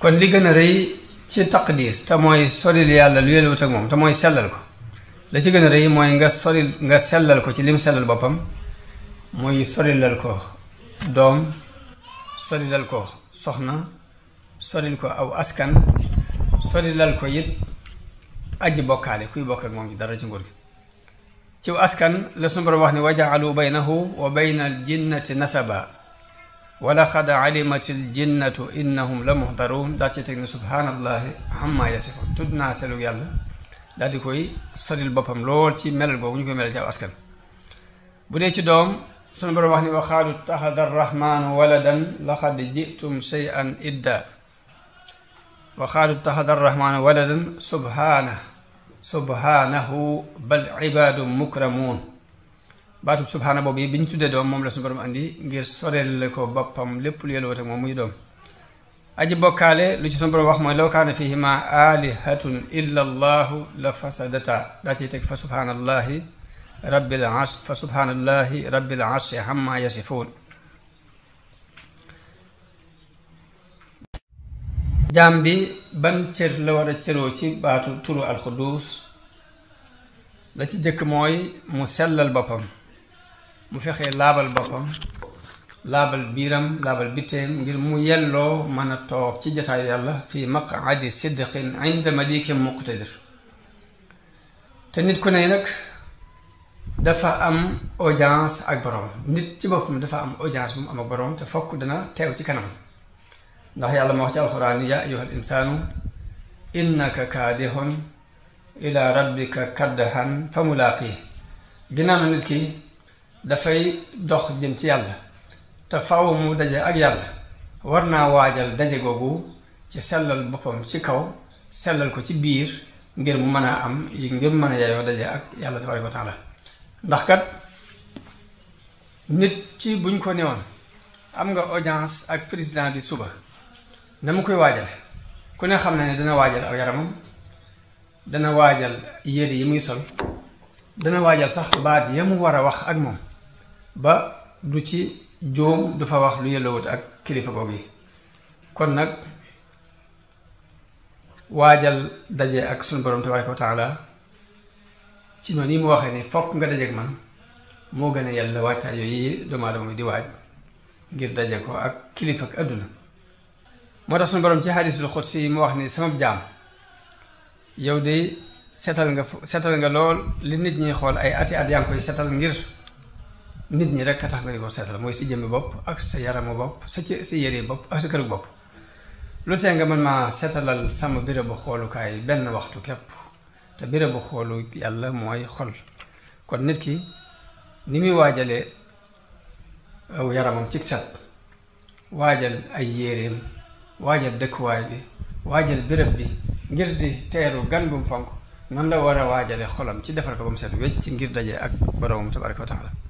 kon li gën a rëy ci taqdis te mooy soril yàlla lu yelwut moom te mooy sellal ko la ci gën a rëy mooy nga soril nga sellal ko ci li mu sellal boppam mooy sorilal ko doom sorilal ko soxna soril ko aw askan sorilal ko it aji bokkaale kuy bokk moom ci dara ci nguur gi ci askan la sunu borom wax ni wa ja'alu baynahu wa bayna al jinnati nasaba ولقد علمت الجنة إنهم لمحضرون دا تيتني سبحان الله عما يصفون تدنا سلو يالا دا ديكوي سوري البوبام لول تي ملال بوبو نيكو ملال جال اسكان بودي تي دوم سونو بروم واخني وخاد الرحمن ولدا لقد جئتم شيئا ادا وخاد اتخذ الرحمن ولدا سبحانه سبحانه بل عباد مكرمون baatub subhana boobu bi ñu tuddee doom moom la suñu borom andi ngir soreel ko boppam lépp lu yelwate moom muy doom aji bokkaale lu ci suñu borom wax mooy law kaana fihima alihatun illa allahu la fasadata daa ciy teg fa subhanallahi rabbil arsh fa subhanallahi rabbil arshi amma yasifun jaam bi ban cër la war a cëroo ci baatu turu alxudus la ci jëkk mooy mu sellal boppam mu fexe laabal boppam laabal biiram laabal bitteem ngir mu yelloo mën a toog ci jataayu yàlla fi maqadi sidqin inda malikin muqtadir te nit ku ne nag dafa am audience ak borom nit ci boppam dafa am audience bu mu am ak borom te fokk dana teew ci kanam ndax yàlla ma wax ci alxuraan ni yaa ayuha al innaka kaadihun ila rabbika kaddahan fa mulaaqi nit ki dafay dox jën ci yàlla te faw mu daje ak yàlla war naa waajal daje googu ci sellal boppam ci kaw sellal ko ci biir ngir mu mën a am yi ngir mën a yaayoo daje ak yàlla tabaraka wa taala ndax kat nit ci buñ ko woon am nga audience ak président di suba na mu koy waajale ku ne xam na ne dana waajal aw yaramam dana waajal yére yi muy sol dana waajal sax baat ya mu war a wax ak moom ba du ci jóom du fa wax lu yëllawut ak kilifa ko gi kon nag waajal daje ak sunu borom tabaaraka wa taala ci noonu yi mu waxee ni fokk nga daje ak man moo gën a yàlla waajtaay yooyu doomu aadama bi di waaj ngir daje ko ak kilifa ak adduna moo tax sunu borom ci hadiisul xudsi mu wax ni sama jaam yow de setal nga setal nga lool li nit ñi xool ay ati at yaa ngi koy setal ngir nit ñi rek a tax nga di ko seetal mooy si jëmmi bopp ak sa yaramu bopp sa ci sa yére bopp ak sa kër bopp lu tee nga mën maa seetalal sama bérébu xoolukaay benn waxtu képp te bérébu xoolu yàlla mooy xol kon nit ki ni muy waajale aw yaramam ci set waajal ay yéreem waajal dëkkuwaay bi waajal béréb bi ngir di teeru gan gum fonk nan la war a waajale xolam ci defar ko ba mu set wecc ngir daje ak boromam tabaraka wa la